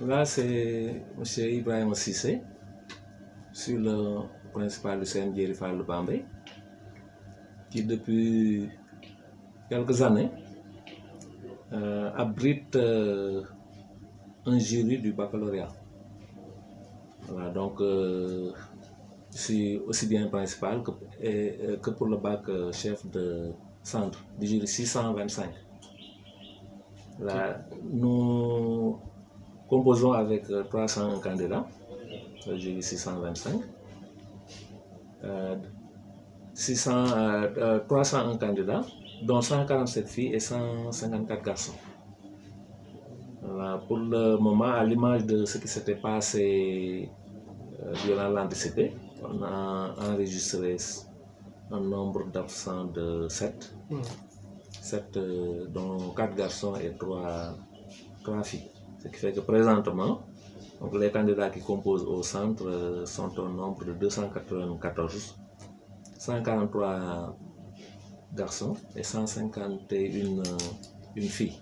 Là, c'est M. Ibrahim Sissé, sur le principal du CNG Rifal de Bambé, qui depuis quelques années euh, abrite euh, un jury du baccalauréat. Voilà, donc, euh, c'est aussi bien principal que, que pour le bac chef de centre, du jury 625. Là, nous Composons avec 301 euh, candidats. Euh, j'ai 625. 301 candidats, dont 147 filles et 154 garçons. pour le moment, à l'image de ce qui s'était passé euh, durant l'anticipé, on a enregistré un nombre d'absents de 7, 7 hmm. euh, dont 4 garçons et 3 filles. Ce qui fait que présentement, les candidats qui composent au centre euh, sont au nombre de 294, 143 garçons et 151 une euh, fille.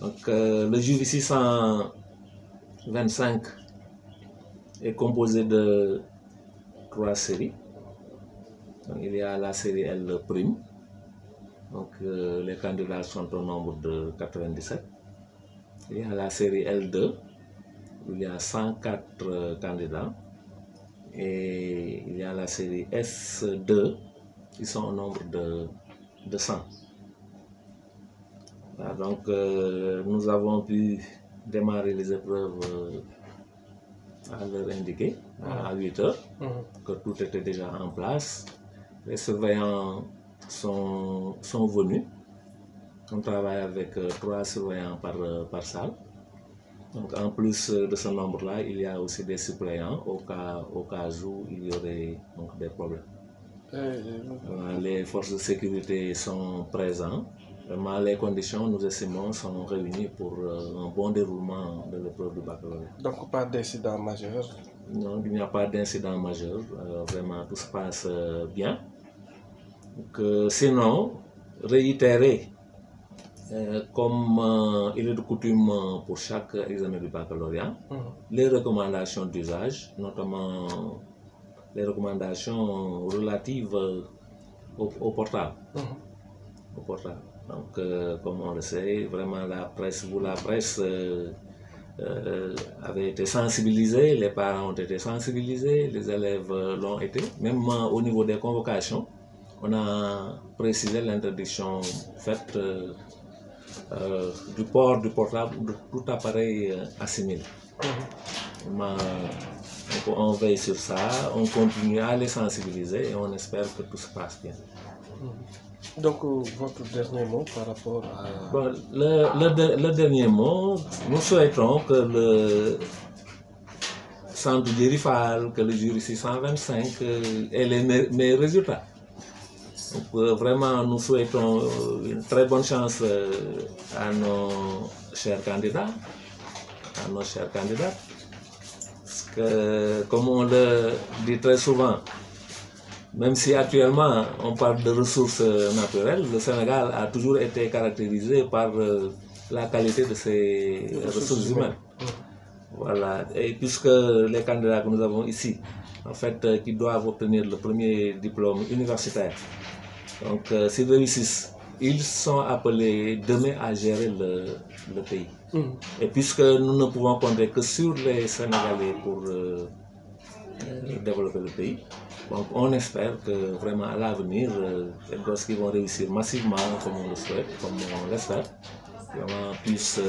Donc euh, le jury 625 est composé de trois séries. il y a la série L', donc les candidats sont au nombre de 97. Il y a la série L2, il y a 104 candidats. Et il y a la série S2, qui sont au nombre de, 100. donc, euh, nous avons pu démarrer les épreuves euh, à l'heure indiquée, à 8 heures, mhm. que tout était déjà en place. Les surveillants sont, sont venus. On travaille avec euh, trois surveillants par, euh, par salle. en plus euh, de ce nombre-là, il y a aussi des suppléants au cas, au cas où il y aurait donc, des problèmes. Eh, eh, eh, les forces de sécurité sont présentes. Vraiment, les conditions, nous estimons, sont réunies pour un bon déroulement de l'épreuve du baccalauréat. Donc, pas d'incident majeur Non, il n'y a pas d'incident majeur. vraiment, tout se passe bien. sinon, réitérer euh, comme euh, il est de coutume euh, pour chaque examen du baccalauréat, mhm. les recommandations d'usage, notamment les recommandations relatives au, portable. Mhm. Au portable. Donc, comme on le sait, vraiment la presse, vous la presse avait été sensibilisée, les parents ont été sensibilisés, les élèves l'ont été, même au niveau des convocations. On a précisé l'interdiction faite euh, du port du portable de tout appareil euh, assimilé. Mhm. On, veille sur ça, on continue à les sensibiliser et on espère que tout se passe bien. Mhm. Donc, euh, votre dernier mot par rapport à... le, dernier mot, nous souhaitons que le centre de Rifal, que le jury 625 ait les meilleurs résultats. Vraiment, nous souhaitons euh, une très bonne chance euh, à nos chers candidats, à nos chers candidats. Parce que, comme on le dit très souvent, même si actuellement on parle de ressources euh, naturelles, le Sénégal a toujours été caractérisé par la qualité de ses ressources, humaines. humaines. Voilà. Et puisque les candidats que nous avons ici, en fait, qui doivent obtenir le premier diplôme universitaire, donc, euh, s'ils réussissent, ils sont appelés demain à gérer le, pays. Mm. Et puisque nous ne pouvons compter que sur les Sénégalais pour euh, euh, développer le pays, on espère que vraiment à l'avenir, lorsqu'ils vont réussir massivement comme on le souhaite, comme on l'espère, vraiment puissent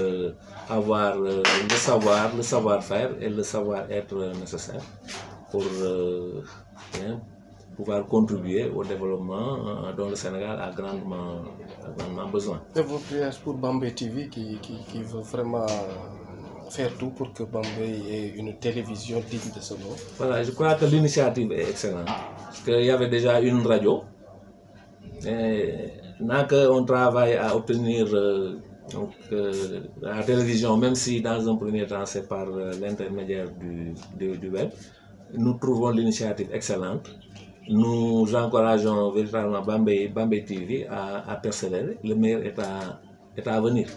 avoir le savoir, le savoir-faire et le savoir-être nécessaire pour bien contribuer au développement euh, dont le Sénégal a grandement, besoin. Et pour TV qui, veut vraiment euh, faire tout pour que Bambé ait une télévision digne de ce nom Voilà, je crois que l'initiative est excellente. Parce qu'il y avait déjà une radio. Et maintenant qu'on travaille à obtenir euh, la télévision, même si dans un premier temps c'est par l'intermédiaire du, du web, nous trouvons l'initiative excellente nous encourageons véritablement Bambé, Bambé TV à, à, persévérer. Le meilleur est à, est à venir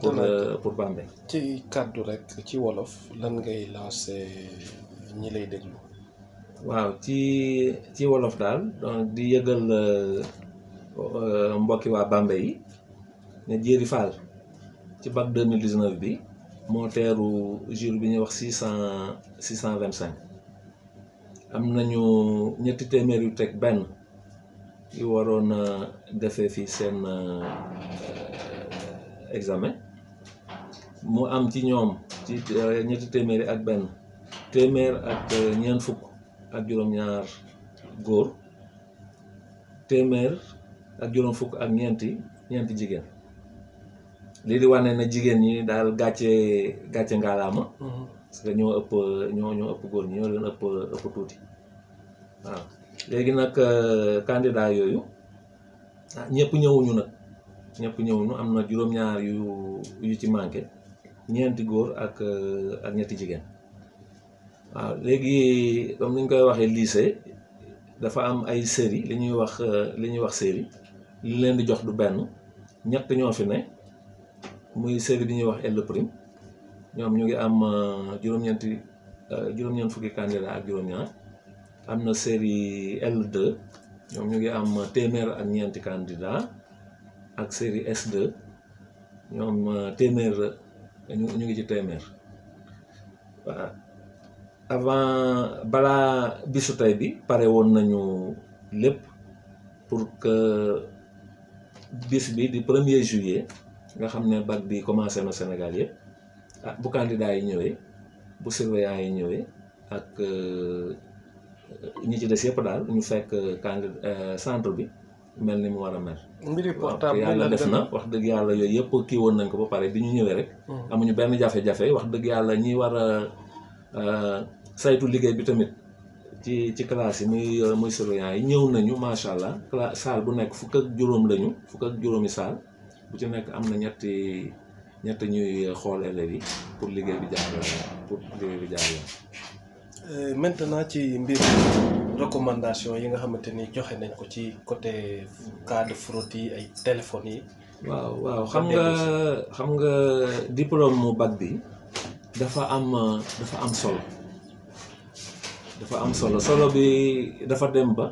pour, le, euh, pour Bambé. ci cadre rek ci wolof lan ngay lancer ñi lay déglu. waaw ci ci wolof dal, donc di yëgal euh, euh, mbokki waa Bambey yi ne Fall ci bac 2019 bi moo teeru jour bi ñuy wax six cent am nañu ñetti téeméer yu teg benn yu waroon a defee fii seen euh, examen mu am ci ñoom ci euh, ñetti téeméeri ak benn téeméer ak euh, ñeent fukk ak juróom-ñaar góor téeméer ak juróom fukk ak ñeenti ñeenti jigéen lii di wane na jigéen ñi daal gàcce gàcce ngaalaama mm-hmm. parce que ñoo ëpp ñoo ñoo ëpp góor ñoo leen ëpp ëpp tuuti waaw léegi nag euh, candidat yooyu ah ñëpp ñëwuñu nag ñëpp ñëwuñu am na juróom-ñaar yu yu ci manqué ñeenti góor ak euh, ak ñetti jigéen waaw léegi comme ni ñu koy waxee lycée dafa am ay série li ñuy wax euh, li ñuy wax série li leen di jox du benn ñett ñoo fi ne muy série bi ñuy wax L ñoom ñu ngi am eh, juróom-ñeenti eh, juróom-ñeent fukki candidat ak juróom-ñaar am na série L2 ñoom ñu ngi am téeméer ak ñeenti candidat ak série S2 ñoom eh, téeméer ñu ñu ngi ci téeméer waaw avant bala bisu tey bi pare woon nañu lépp pour que bis bi di 1er juillet nga xam ne bac bi commencé na Sénégal yépp ah bu candidat yi ñëwee bu surveillant yi ñëwee ak euh, ñi ci des yëpp daal ñu fekk euh, candi euh, centre bi mel ni mu war a mel. yàlla def na wax dëgg yàlla yooyu yëpp kii woon nañ ko ba pare bi ñu ñëwee rek. Hmm. amuñu benn jafe-jafe wax dëgg yàlla ñi war a saytu liggéey bi tamit. ci ci classe yi muy muy surveillant yi ñëw nañu macha allah classe bu nekk fukk ak juróom lañu fukk ak juróomi salle bu ci nekk am na ñetti ñett ñuy xool élèves yi pour liggéey bi jaar pour liggéey bi jaar yoon. Euh, maintenant ci mbir recommandation yi nga xamante ni joxe nañ ko ci côté cas de fraude yi ay téléphones yi. waaw waaw xam nga xam nga diplôme mu bag bi dafa am dafa am solo dafa am solo solo bi dafa dem ba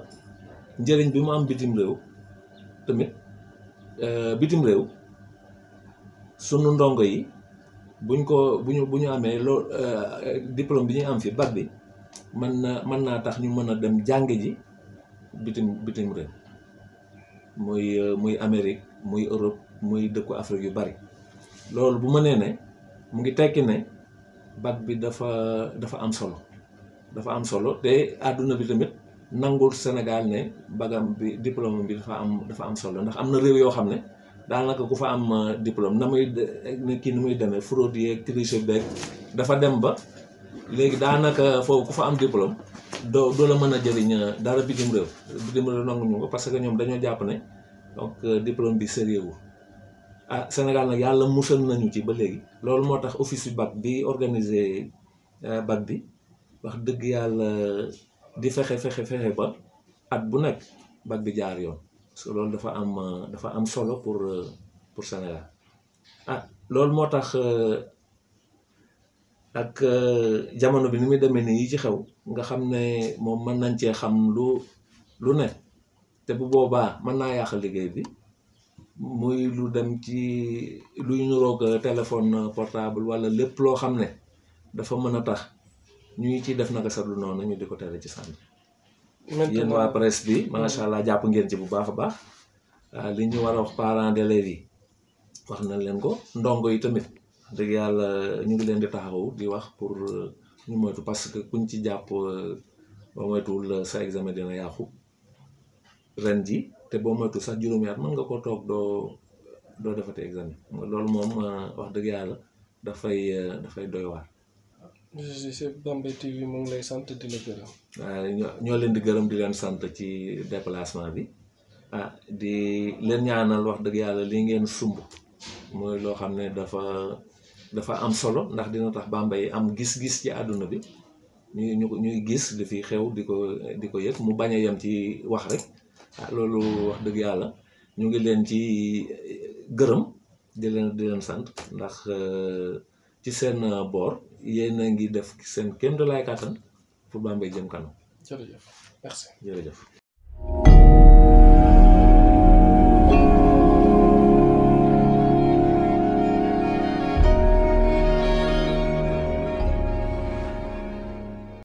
njëriñ bi mu am bitim réew tamit euh, bitim réew. sunu ndongo yi buñ ko buñu bu ñu amee loo euh, diplôme bi ñu am fi bac bi mën na mën naa tax ñu mën a dem jàng ji bitim bitim réew muy euh, muy Amérique muy Europe muy dëkku Afrique yu bari loolu bu mënee ne mu ngi tekki ne bac bi dafa dafa am solo dafa am solo te àdduna bi tamit nangul Sénégal ne bagam bi diplôme bi dafa am dafa am solo ndax am na réew yoo xam ne daanaka ku fa am euh, diplôme na muy eh, kii nu muy demee fraude yeeg triche beeg dafa dem ba léegi daanaka foofu ku fa am diplôme doo doo la mën a jëriñ euh, dara bitim réew bitim réew nanguñu ko parce que ñoom dañoo jàpp ne donc euh, diplôme bi sérieux wu ah Sénégal nag yàlla musal nañu ci ba léegi loolu moo tax office bi bac bi organiser bac bi wax dëgg yàlla di fexe fexe fexe ba at bu nekk bac bi jaar yoon. so loolu dafa am euh, dafa am solo pour euh, pour Sénégal ah loolu moo tax euh, ak jamono bi ni muy demee nii yi ci xew nga xam ne moom mën nañ cee xam lu lu ne te bu boobaa mën naa yàq liggéey bi muy lu dem ci luy nuroog téléphone portable walla lépp loo xam ne dafa mën a tax ñu ngi ciy def naka sax lu noonu ñu di ko tere ci sànni. yéen waa presse bi macha allah jàpp ngeen ci bu baax a baax ah, li ñu war a wax parent d'élèves yi wax nañ leen ko ndongo yi tamit dëgg yàlla ñu ngi leen di taxaw di wax pour euh, ñu moytu parce que kuñ ci jàpp euh, boo moytuwul euh, sa examen dina yàqu ren ji te boo moytu sax juróomi at mën nga ko toog doo doo defati examen loolu moom wax dëgg yàlla dafay dafay doy waar UGC Bambey TV mu ngi lay di la gërëm. ñoo di gërëm nah, di leen sant ci déplacement bi ah di leen ñaanal wax dëgg yàlla li ngeen sumb mooy loo xam ne dafa dafa am solo ndax dina tax am gis-gis ci adu bi ñuy ñu gis li fi xew di ko di ko yëg mu bañ a yem ci wax rek ah loolu wax dëgg ci di leen di leen sant ndax. Euh, ci seen euh, boor yéen a ngi def seen kéem de laay kàttan pour Bambey jëm kanam jërëjëf merci jërëjëf